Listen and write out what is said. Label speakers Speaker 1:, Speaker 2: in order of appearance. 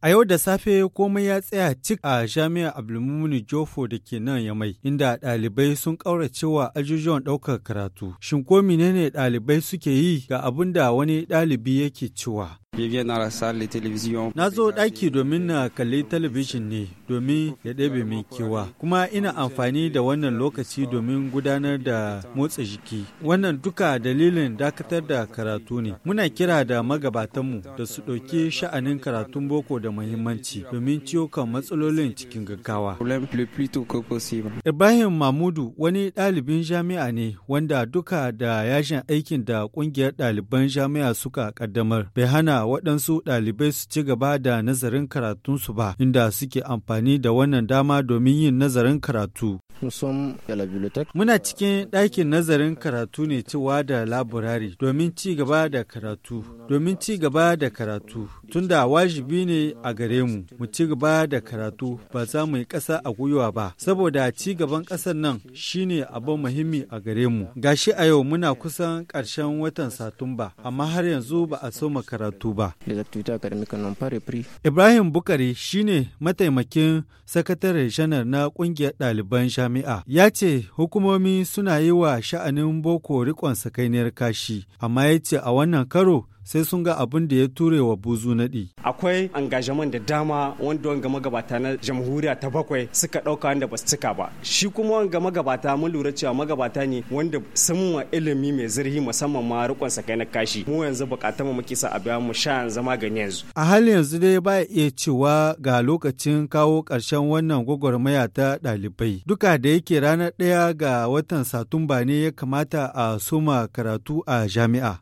Speaker 1: A yau da safe komai ya tsaya cik a jami'ar Abdulmumunu Jofo da ke nan ya mai, inda ɗalibai sun ƙauracewa ajujuwan ɗaukar karatu. Shin ko menene ɗalibai suke yi ga abin da wani ɗalibi yake cewa? Na zo ɗaki domin na kalli talabijin ne domin ya ɗebe min kewa, kuma ina amfani da wannan lokaci domin gudanar da motsa jiki. Wannan duka dalilin dakatar da karatu ne. Muna kira da magabatanmu da su ɗauki sha'anin karatun boko da muhimmanci domin ciyo kan matsalolin cikin gaggawa. Ibrahim Mahmudu wani ɗalibin jami'a ne wanda duka da yashin aikin da ƙungiyar ɗaliban jami'a suka ƙaddamar bai hana waɗansu ɗalibai su ci gaba da nazarin karatunsu ba, inda suke amfani da wannan dama domin yin nazarin karatu. Muna cikin ɗakin nazarin karatu ne cewa da laburari domin ci gaba da karatu, domin ci gaba da karatu, tunda wajibi ne a gare mu, mu ci gaba da karatu ba za mu yi ƙasa a gwiwa ba, saboda ci gaban ƙasar nan shi ne abin muhimmi a gare mu. Gashi a yau muna kusan ƙarshen watan Satumba, amma har yanzu ba a soma karatu ba. ba. Ibrahim Bukari shine mataimakin sakatare shanar na kungiyar ɗaliban jami'a. Ya ce hukumomi suna yi wa sha'anin boko rikon sakainiyar kashi, amma ya ce a wannan karo sai sun ga abin da ya ture wa buzu naɗi.
Speaker 2: Akwai engagement da dama wanda wanga magabata na jamhuriya ta bakwai suka ɗauka wanda ba su cika ba. Shi kuma wanga magabata mun lura cewa magabata ne wanda sun ma ilimi mai zurfi musamman ma rikon sakai na kashi. Mu yanzu bukatun mu muke sa a biya mu sha yanzu magani yanzu.
Speaker 1: A halin yanzu dai ba iya cewa ga lokacin kawo karshen wannan gwagwarmaya ta ɗalibai. Duka da yake ranar ɗaya ga watan Satumba ne ya kamata a soma karatu a jami'a.